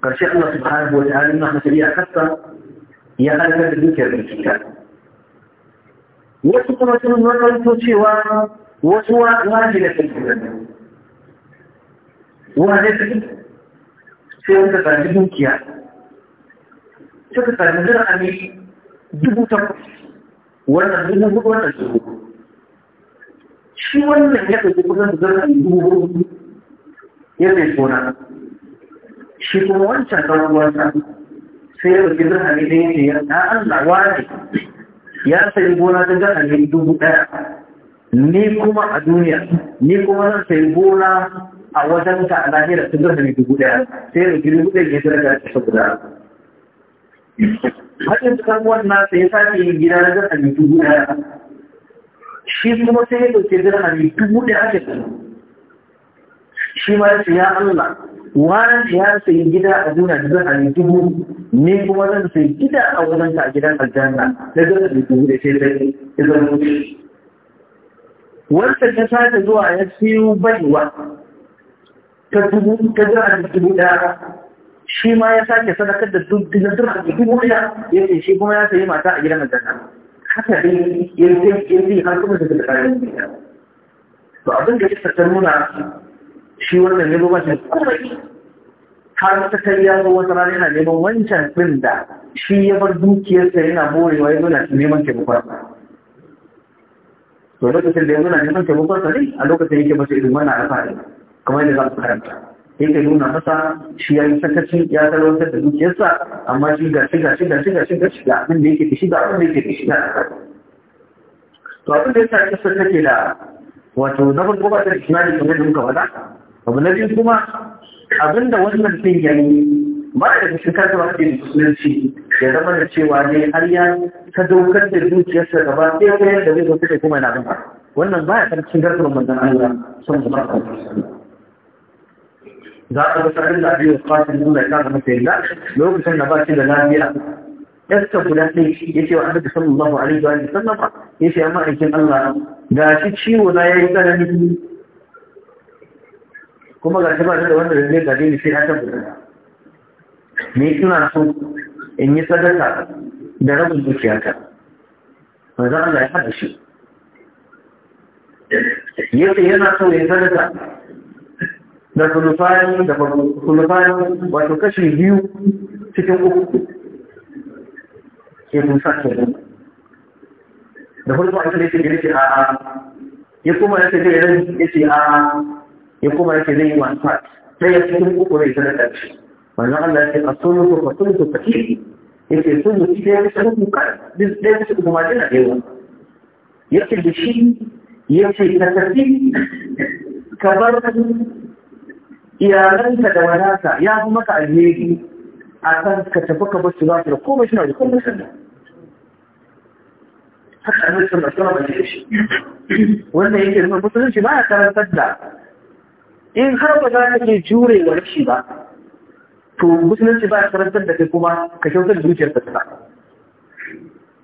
ƙarshe Allah subhanahu wa ta'ala na hasari a kasa ya halakar da dukiyar dukiya wasu kuma sun nakalto cewa wasu waje da suke ne suke ce wata sami dukiya suka sami zirami dubu takwas wannan dubu hudu wannan dubu shi wannan ya ɗauki a zirami dubu hudu ya zai sona shi kuma wancan ɗan uwansa sai ya ɗauki dirhami ɗaya ce ya na Allah wani ya sayi gona ta dirhami dubu ɗaya ni kuma a duniya ni kuma zan sayi gona a wajen ta a lahira ta dirhami dubu ɗaya sai ya ɗauki dubu ɗaya ya zira da ta guda haɗin cikin wannan sai ya sake yin gida na dirhami dubu ɗaya shi kuma sai ya ɗauki dirhami dubu ɗaya ake shi ma ya ce ya Allah wani ya sayi gida a duna da zan dubu ne kuma zan sayi gida a wurin ta gidan aljanna da zan da dubu da sai sai idan wanda ta sake zuwa ya siyo baiwa ta dubu ta zan da dubu da shi ma ya sake sadakar da dubu da dubu da ya ce shi kuma ya sayi mata a gidan aljanna haka dai yanzu yanzu har kuma da da kayan gida to abin da ya nuna shi wannan nemo ba shi kuma har ta kariya ko wata rana yana neman wancan ɗin da shi ya bar dukiyarsa yana morewa ya nuna neman taimakon to lokacin da ya neman taimakon sa ne a lokacin yake masa irin wannan alfahari kamar yadda za ku karanta yake nuna masa shi ya yi sakaci ya talautar da dukiyarsa amma shi ga shi ga shi ga shi ga shi ga shi ga abin da yake da shi ga abin da yake da shi ga to abin da ya sa kisa take da wato na farko ba ta da kamar da muka faɗa abu na biyu kuma abinda wannan ɗin ya yi ba da cikin kasa wata da musulunci ya zama da cewa ne har ya daukar da zuciyarsa gaba ɗaya ko yadda zai zauce da kuma yana bin wannan ba ya karcin garkuwar manzan Allah son zama a za a ga sarari da biyu fatin nuna ya kama masa yadda lokacin da ba shi da lafiya yasta guda ne ya ce wa annabi sallallahu alaihi wa sallam ya ce amma aikin Allah ga shi ciwo na yi tsanani kuma ga shi ba da wanda zai gare ni sai ya tabbata ni ina so in yi sadaka da rabin dukiyata manzo Allah ya hada shi yace yana so ya sadaka da kulufani da kulufani wato kashi biyu cikin uku ke kun sake da farko an sai ya ce a ya kuma ya ce ya ce a ya kuma yake zai yi wasa sai ya cikin uku zai sanar da shi wannan Allah ya ce a sun rufe ba sun rufe kake ya ce sun rufe sai ya fi sanar da ɗaya bisa uku ma jina yawa ya ce da shi ya ce ka tafi ka bar iyalanka da wadata ya fi maka alheri a kan ka tafi ka bar su ba su da komai suna da komai sannan haka an rufe masu rama da shi wannan yake nuna musulunci ba ya karantar da in har ba za ka ke jure wa rashi ba to musulunci ba ya karantar da kai kuma ka kyautar da zuciyar ta ta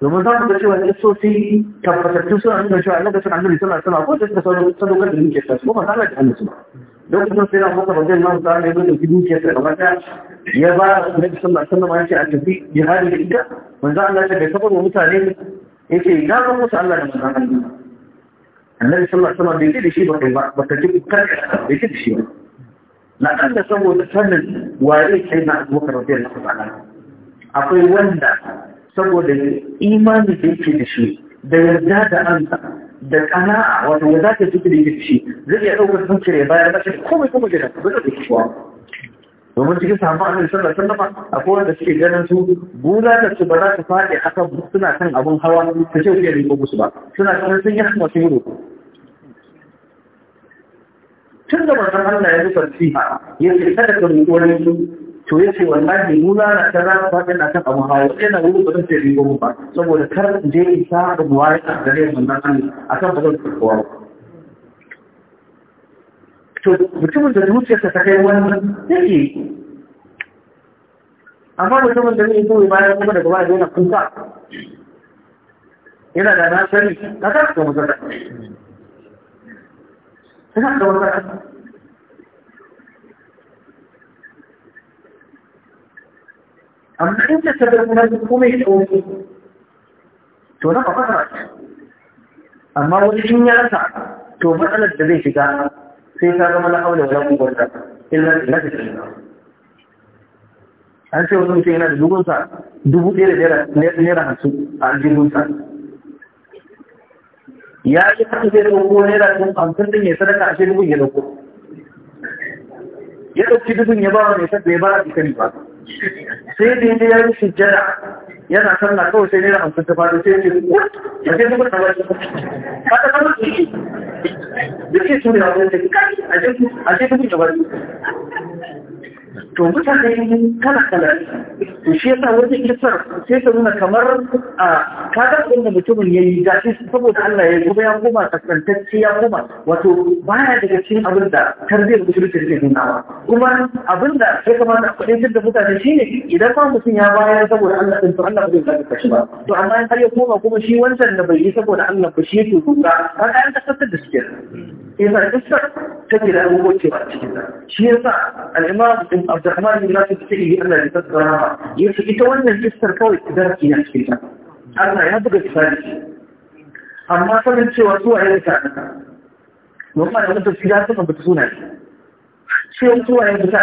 domin za mu ga cewa lissosi tabbatattun suna nuna cewa Allah da suna nuna suna suna ko da suka sadaukar da zuciyar ta kuma Allah da hannu suna Don kuma sai na kuma wajen nan za ne da dukiyar ta gaba ta ya ba da sallah sallama ya ce a tafi jihadi da ita manzo Allah ya ce bai sabar wa mutane yake ya ga musu Allah da manzo Allah annabi sallallahu alaihi wasallam bai da shi ba ba ba ta ji kan bai da shi ba na kan da saboda sanin waye kai na abubakar radiyallahu ta'ala akwai wanda saboda imani da yake da shi da yarda da anta da kana'a wato wanda zaka ji da yake da shi zai iya daukar zuciya bayan rashin komai kuma da ba zai da shi ba domin cikin sahabban annabi sallallahu alaihi wasallam akwai wanda suke ganin su da su ba za ta faɗi aka suna kan abin hawa ta ce ke riko musu ba suna ganin sun yi kuma sun yi roƙo tun da manzon Allah ya zuba siha ya ce kada ka roƙi wani su to ya ce wallahi bulala ta za ta faɗi na kan abun hawa sai na wuri ba zan ce riko ba saboda kar in je in sa da buwari a gare manzon Allah kan ba zan kowa ba to mutumin da zuciyarsa ta kai wani zai yi amma mutumin da zai zuwa bayan kuma daga baya yana kuka yana da na sani na za su mazara suna da mazara amma in ta tabbata kuma zai kuma yi tsawoki to na kwakwara amma wani in ya rasa to matsalar da zai shiga sai ta zama na haula wala kuwata illa billah ta shi an ce wani mutum yana da dubunsa dubu ɗaya da naira hamsin a aljihunsa ya yi haka zai ɗauko naira dubu hamsin ɗin ya sadaka a ashe dubu ya dauko. ya ɗauki dubun ya ba wa mai sadda ya ba a jikari ba sai da ya yi sujjada yana sanna kawai sai naira hamsin ta faɗo sai ce ya ce dubu da ba shi ka ta kama da ke tuni na a jefi a jefi to mutane kala kala to shi yasa wajen kisa sai ta nuna kamar a ɗin da mutumin ya yi gashi saboda Allah ya kuma ya koma kasantacce ya kuma wato baya daga cikin abin da tarbiyyar musulunci take nuna kuma abin da ya kamata a kudin da mutane shine idan ba mutum ya bayar saboda Allah ɗin to Allah ba zai zafi ba to amma har ya koma kuma shi wancan da bai yi saboda Allah ba shi yake kuka ka an kasance da suke. yasa iskar take da abubuwa ke ba cikin ta shi yasa al-imam Abdurrahman bin Nasir Sirri Allah ya tabbara yace ita wannan kissar kawai darasi na cikin ta Allah ya buga tsari amma sanin cewa su a waye ta wannan da mutum ta saba bata suna ce su waye ta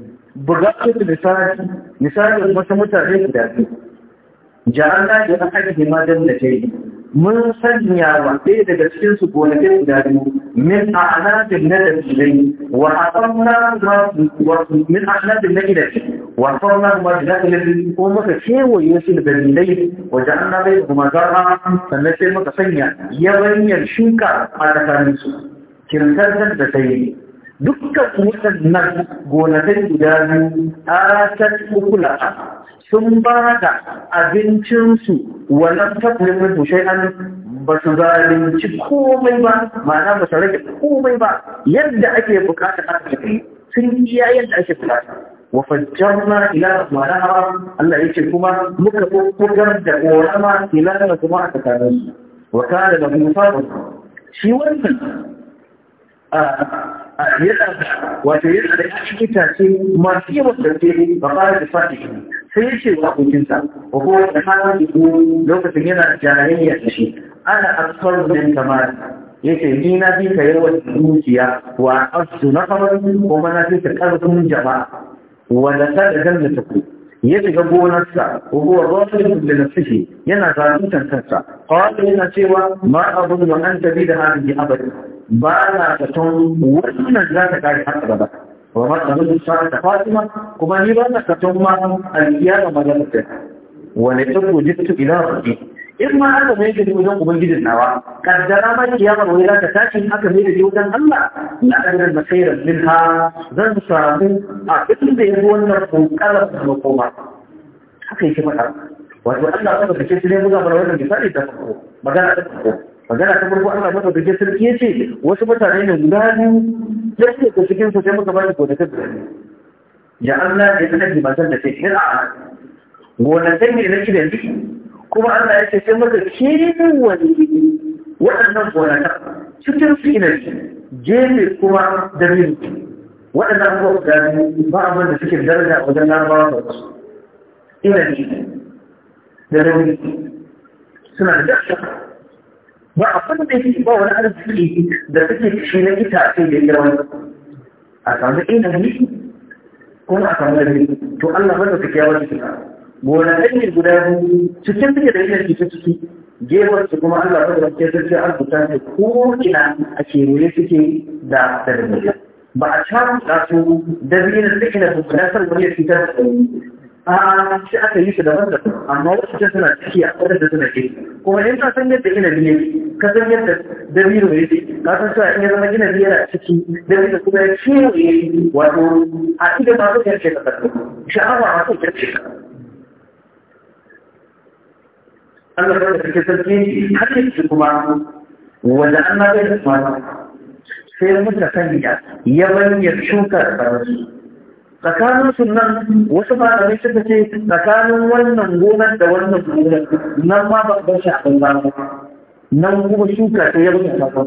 buga su misali misalin wasu mutane guda biyu ja'alna da ahadihi da ke, mun sanya wa ɗaya daga cikin su gonakin guda biyu min a'nabin na dabilai wa hasamna wa min a'nabin na gidaje wa hasamna ma dabilai ko muka kewaye su da dalilai wa ja'alna bai kuma zarra sannan sai muka sanya yawanyar shuka a tsakaninsu. su kirkantar da ta yi dukkan nan gonakan guda biyu a ratar kukula sun ba da abincinsu wannan tafiye mai sosai an ba su zalunci komai ba mana ba su rage komai ba yadda ake bukata a cikin sun iya yadda ake bukata wa fajjar na ila mara hawa. Allah ya ce kuma muka kukkugar da ƙorama ila na kuma a tsakaninsu wa kada da mun fara shi wannan wato yana da itace masu yawan gaske ba fara da fadi sai ya ce wa abokinsa wa kowa da hannun lokacin yana jayayya da shi ana asfar da kamar ce ni na fi ka yawan dukiya wa asu na kamar kuma na fi ka karfin jama'a wanda ta da jannata ku ya shiga gonarsa huwa zalimin da nafsihi yana zaluntar kansa qala yana cewa ma abun wa anta bi da hadhihi abada ba na zaton wannan za ta kare haka gaba wa ma ta zuwa sa ta fatima kuma ni ba na zaton ma alƙiya ga magana ta wani ta goji ta ila rabbi in ma aka mai da wajen ubangijin nawa kaddara ma kiyama wani za ta tashi aka mai da wajen Allah na ɗanar da sayar min zan samu a da ya wannan kokarar da makoma haka yake faɗa wato Allah ba ta kace sai mu ga wannan misali ta magana ta magana ta farko Allah maka da sarki ya ce wasu mutane ne guda biyu da suke ga cikin su sai muka bani shi gonakin guda biyu ya Allah ya tsaka da matan da take gona gonakin ne na gidan kuma Allah ya ce sai muka kiwon waɗannan ta cikin su ina gefe kuma da biyu waɗannan abubuwa guda ba abin da suke daraja wajen larabawa ba wasu ina da rauni suna da dakkar ba a abin da yake ba wani arziki da suke shi na ita itace da yawa a samu inabi kuma a samu inabi to Allah ba ta kiyawa shi gona ɗanyen guda biyu cikin suke da ina ta ciki gewar su kuma Allah ba ta kiyawa shi arzuta ne ko ina a kewaye suke da da ba a shafa su da biyu na suke na su da sarwar ya fitar da a shi aka yi su daban da amma wasu can suna ciki a wadda da suna ke kuma in san yadda ina biye ka san yadda dabino ya ce ka san cewa in ya zama inabi yana ciki dabino kuma ya ciwo ya yi wato a cikin masu yarce ka kasu sha'awa masu yarce ka Allah ba da cikin sarki har yanzu kuma wanda an ma bai da sai muka sanya ya bayyana shuka da su. tsakanin sunan wasu malamai suka ce tsakanin wannan gonar da wannan gonar nan ma ba ba shi nan kuma shuka ta yau da kafa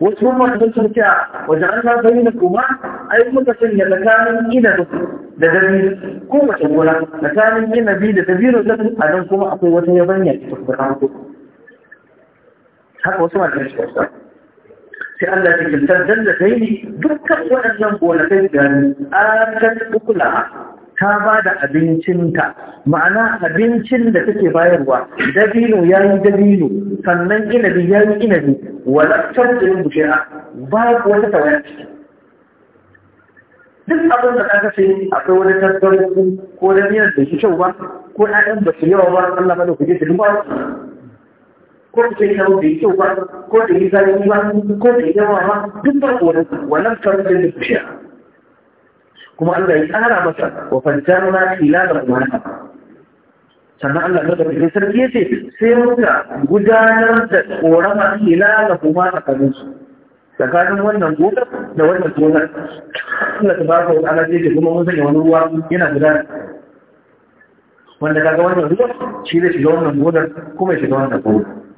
wasu kuma da sun ce wajen an za bayyana kuma ai muka sanya tsakanin ina da dabi ko mace gona tsakanin biyu da dabiro da a nan kuma akwai wata yabanya ta tsakanin haka wasu malamai sai Allah ya kintar jannataini dukkan waɗannan gonakai da atat ukula ta ba da abincinta ma'ana abincin da take bayarwa dabino ya yi dabino sannan inabi ya yi inabi yin jirin a, ba wata tawaya duk abin da aka ce akwai wani tattalin ko da miyar da shi kyau ba ko 'ya'yan da su yawa ba Allah ba da kuje su duk ba ko ta yi zama bai kyau ba ko ta yi ba ko ta yi yawa ba duk ba wannan wannan farin da bishiya kuma Allah ya tsara masa wa fanjana ila da wani sannan Allah na tafi sarki ya ce sai muka gudanar da tsoron ila da kuma tsakaninsu tsakanin wannan gonar da wannan gonar Allah ta baka wata ala ce kuma mun sanya wani ruwa yana gudana wanda kaga wannan ruwa shi zai shiga wannan gonar kuma shiga wannan gonar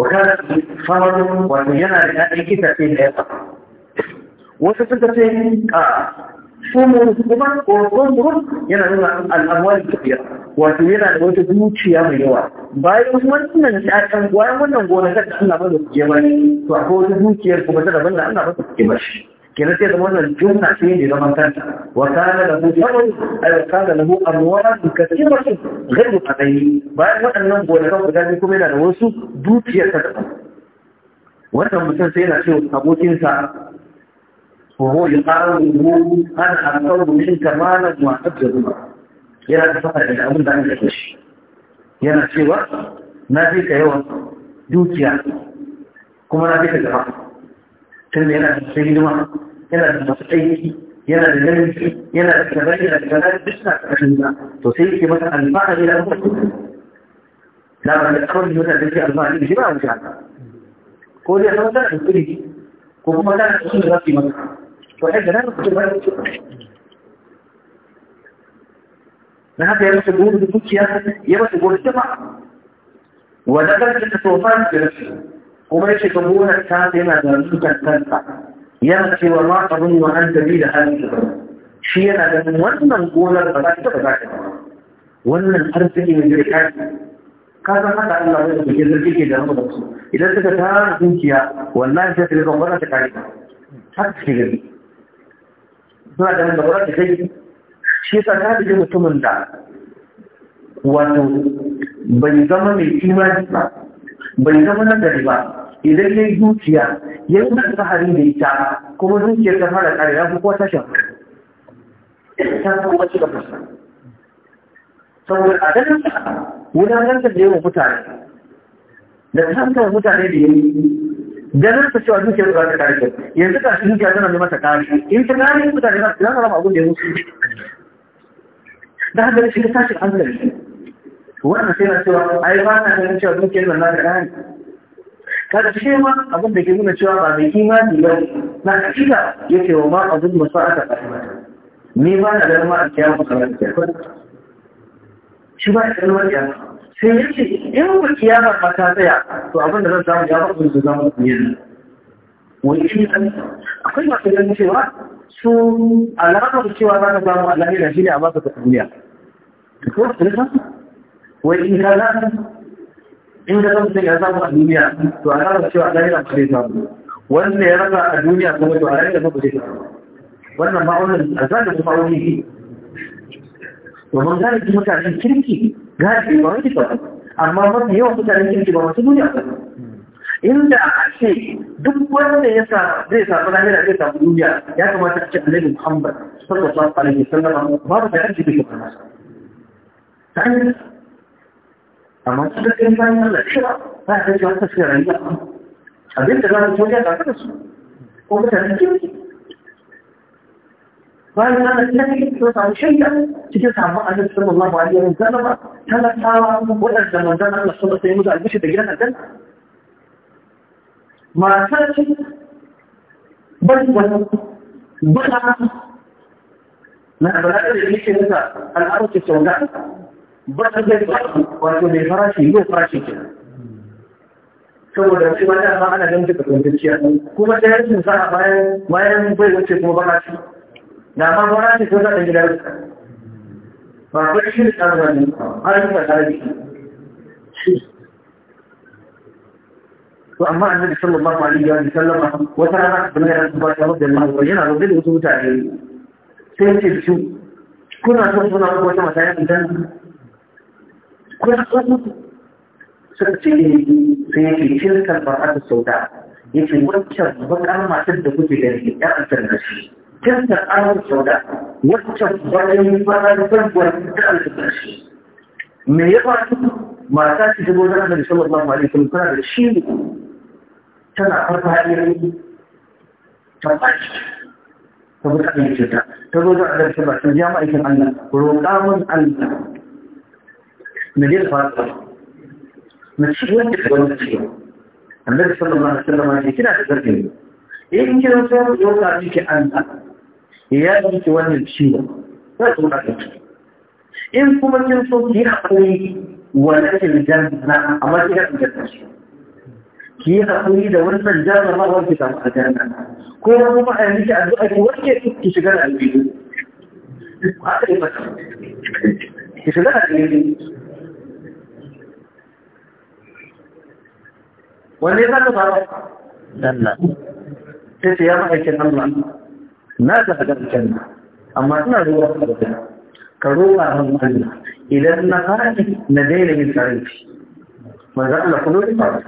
yana da وكان فرض ومينا لأن كيف wasu إيقا وستتين آه sumun kuma ƙorƙon yana nuna al'amwal tafiya wato yana da wata zuciya mai yawa bayan wannan ƴaƴan bayan wannan gonakar da Allah ba da suke ba to akwai wata zuciyar kuma ta daban da Allah ba da suke ba shi كانت يضمن الجنة فيني لمن تنسى وكان له فضل أي وكان له أموال كثيرة غير مقاتلين بعد ما أن ننبو لكم بذلك من الوسو دوت يتدقى وأنت مثلا سينا شيء أبو تنسى وهو يقارب أنا أطلب منك مالا وأحب جدوما يا هذا فقط إذا أمد عنك يا نسيوة ما فيك يوم دوت يعني كما نبيك الجفاق tunda yana da sai hidima yana da masu aiki yana da namiji yana da gaba yana da gaba duk suna ƙarshen da to sai yake mata alfahari da abubuwa da ba da kawai yana da shi alfahari da shi ba a wuce ko dai sama da kuri ko kuma tana da za su yi mata to ai da nan kuma ba na haka ya masa gudu da dukiya ya masa gudu ta ba wa da ta tofan da rashin kuma yace ka gonar ta yana da rubutan kansa yana cewa ma abun wa an da bi ta shi yana ganin wannan gonar ba za ta taba za ta wannan arziki ne da ka san haka Allah ya rubuta zargi ke da mu da su idan suka tara dukiya wallahi sai ka gonar ta kai har ta gari suna da da gonar ta kai shi yasa ta ji mutumin da wato bai zama mai imani ba bai zama nan gari ba idan ya yi zuciya ya yi da fahari da ita kuma zuciyar ta fara ƙari ya kuwa ta shafa ta kuma ci gaba saboda a ganin sa wulaƙantar da yawan mutane da tantar mutane da yayi ganin sa cewa zuciyar ta ta ƙari yanzu ka shi zuciya tana neman ta ƙari in ta ƙari mutane na su rama abin da ya musu da haka shi ta tashi hankali wannan sai na cewa ai ba na ganin cewa zuciyar nan na da ƙari kada shi ma abin da ke nuna cewa ba mai imani ba na Ya yake wa ma abin da sa'a ta kasance ni ba na ganin ma a kiyar masarar kiyar shi ba ya kalmar ya sai ce in ba kiyar ba ta tsaya to abin da zan samu ya ba su zama yi wani shi ne? akwai masu ganin cewa su alamar cewa za ka samu da shi ne a baka ta duniya. wai in ka za in ga zan sai ya zama a duniya to a rana cewa a rasa ba samu wanda ya rana a duniya kuma to a rasa ba zai samu wannan wannan a zaga su ma'auni ne gane su mutane kirki galibi ba wani ba amma mafi yawan mutane kirki ba masu duniya ba inda a ce duk wanda ya sa zai samu lahira zai samu duniya ya kamata a ce annabi muhammad sallallahu alaihi wasallam babu da yake da shi ta hanyar amma su da kan bayan Allah ba ta ji wata shi rayuwa abin da za su soja ba ta su ko mutane kirki bayan Allah kira ne su samu shaida cikin samun Allah sallallahu alaihi wa sallam talatawa waɗanda manzon Allah sallallahu alaihi wa sallam ya da gidan aljanna matar barkwata bala na bala'ar da yake nasa al'arci sau da ba ta zai wato mai farashi yau farashi ke saboda sai ba ta ana ganin duka kwanciya kuma da yankin sa a bayan bayan bai wuce kuma ba shi na ma ba shi ko za ta gida ba ba shi da tsara ne har yi ba tare shi to amma sallama sallallahu alaihi wa sallam wata rana da ya ba ta da Allah yana da wasu mutane sai ce su kuna son suna wata mata ya idan ko ya mutu suka ce eh, sai ya ce shirkar ba a ta sauta ya wancan bakar matar da kuke gani ya antar da shi shirkar an ta sauta wancan bayan bakar bakar ta antar da shi me ya ba su? mata ce ta gozar da sallallahu alaihi wasallam tana da shi ne. tana farfadiyar tabbaci ta mutane ce ta ta gozar da sallallahu ba su ya ma'aikin Allah roƙa mun Allah من غير فاصل من شوية تكون تشيو النبي صلى الله عليه وسلم قال كده تفرقين in kira sai ku yauka miki Allah ya yi wannan ciwon sai ku ba in kuma kin so ki hakuri wannan janna amma ki da shi ki hakuri da wannan janna ma wanda ta a janna ko kuma a miki addu'a ki da wanne za ka fara sallah sai ce ya ma'aikin Allah na ta ga aljanna amma ina ruwa da kai ka roƙa min Allah idan na faɗi na daina yin tsaranci manzo Allah kuma ya fara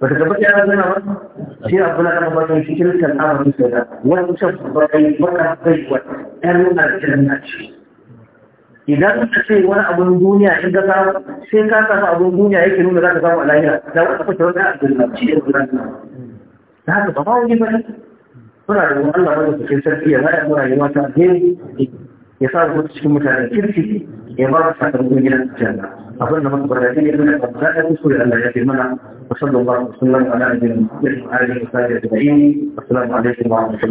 ba ta tabbata ya zana ba shi abu na kan bakin cikin kan amfani da wannan babban bakan kai wa ɗan aljanna ce idan ka ce wani abun duniya in ka samu sai ka samu abun duniya yake nuna za ka samu a lahira da wata kwace wani a duniya shi ne guda da haka ba ma wani bane suna da wani Allah wanda suke sarki ya zaya mura yi mata ne ya sa cikin mutane kirki ya ba su sakamakon gidan aljanna abin da muka bada ne yana da fada da yi da Allah ya ce mana wa sallallahu alaihi wa sallam ala nabiyina wa alihi wa sahbihi ajma'in da alaikum wa